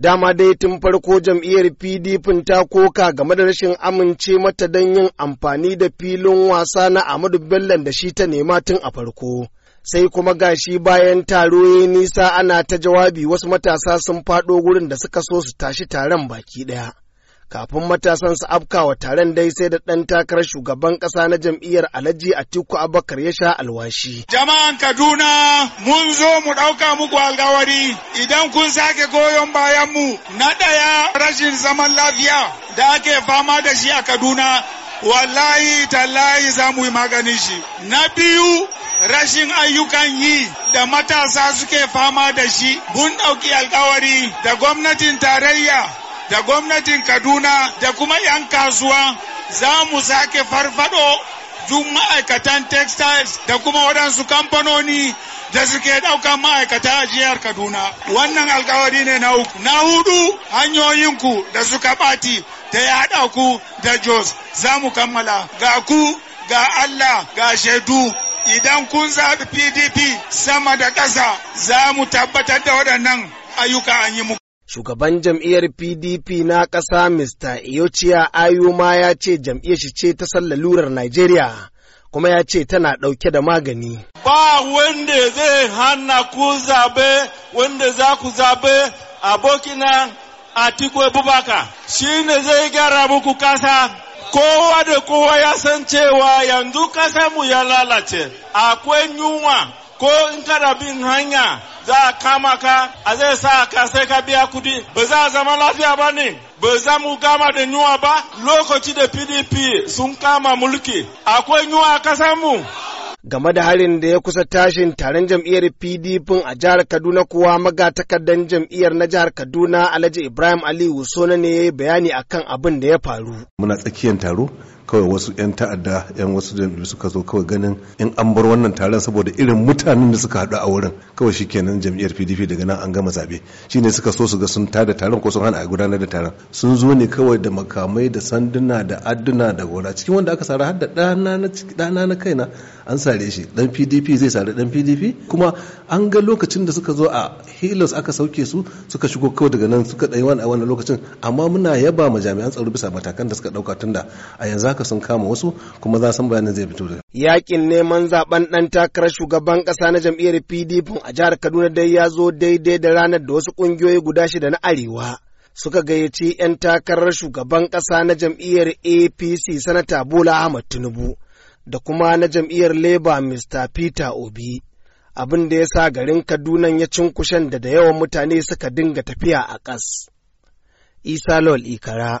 dama dai tun farko jam'iyyar pdp ta koka game da rashin amince mata don yin amfani da filin wasa na amadu bello da shi ta nema tun a farko sai kuma gashi bayan taro ya nisa ana ta jawabi wasu matasa sun faɗo wurin da suka so su tashi taron baki ɗaya kafin matasan su afkawa taron dai sai da ɗan takarar shugaban ƙasa na jam'iyyar alhaji atiku abakar ya sha alwashi jama'an kaduna mun zo mu ɗauka muku alkawari idan kun sake goyon bayan mu na ɗaya rashin zaman lafiya da ake fama da shi a kaduna wallahi tallahi za mu yi maganin shi na biyu rashin ayyukan yi da matasa suke fama da shi mun ɗauki alkawari da gwamnatin tarayya da gwamnatin Kaduna da kuma 'yan kasuwa za mu sake farfado duk ma'aikatan textiles da kuma waɗansu kamfanoni da suke ɗaukan ma'aikata a jihar Kaduna. Wannan alkawari ne na uku. Na hudu hanyoyinku da suka ɓati da yaɗa ku da Jos za mu kammala. Ga ku, ga Allah, ga shaidu. Idan kun zaɓi PDP sama da ƙasa za mu tabbatar da waɗannan ayyuka an yi muku. Shugaban jam'iyyar PDP na ƙasa Mr. Iyochiya Ayuma ya ce jam'iyyar shi ce ta sallalurar Najeriya. kuma ya ce tana ɗauke da magani. Ba wanda zai hana ku zabe wanda za ku zabe abokina Atiku Abubakar shi ne zai gyara muku kasa. Kowa da kowa ya san cewa yanzu mu ya lalace, akwai yunwa, ko in kana bin hanya za a kama ka a zai sa ka sai ka biya kudi ba za a zama lafiya ba ne ba za mu kama da yunwa ba lokaci da pdp sun kama mulki akwai yunwa a samu game da harin da ya kusa tashin taron jam'iyyar pdp a jihar kaduna kuwa magatakardan jam'iyyar na jihar kaduna alhaji ibrahim aliyu sona ne ya yi bayani akan abin da ya faru muna tsakiyar taro kawai wasu 'yan ta'adda 'yan wasu da suka zo kawai ganin in an bar wannan taron saboda irin mutanen da suka haɗu a wurin kawai shi kenan jam'iyyar pdp daga nan an gama zaɓe ne suka so su ga sun tada taron ko sun hana a gudanar da taron sun zo ne kawai da makamai da sanduna da adduna da gora cikin wanda aka sara har da ɗana na kaina an sare shi dan pdp zai sare dan pdp kuma an ga lokacin da suka zo a hilos aka sauke su suka shigo kawai daga nan suka ɗaya wani a wannan lokacin amma muna yaba ma jami'an tsaro bisa matakan da suka ɗauka tunda a yanzu haka haka sun kama wasu kuma za san bayanin zai fito da yakin neman zaben dan takarar shugaban kasa na jam'iyyar PDP a jihar Kaduna dai ya zo daidai da ranar da wasu kungiyoyi guda shida na arewa suka gayyaci 'yan takarar shugaban ƙasa na jam'iyyar apc sanata bola ahmad tinubu da kuma na jam'iyyar labour mr peter obi abin da ya sa garin kaduna ya cinkushen da da yawan mutane suka dinga tafiya a ƙas isa lol ikara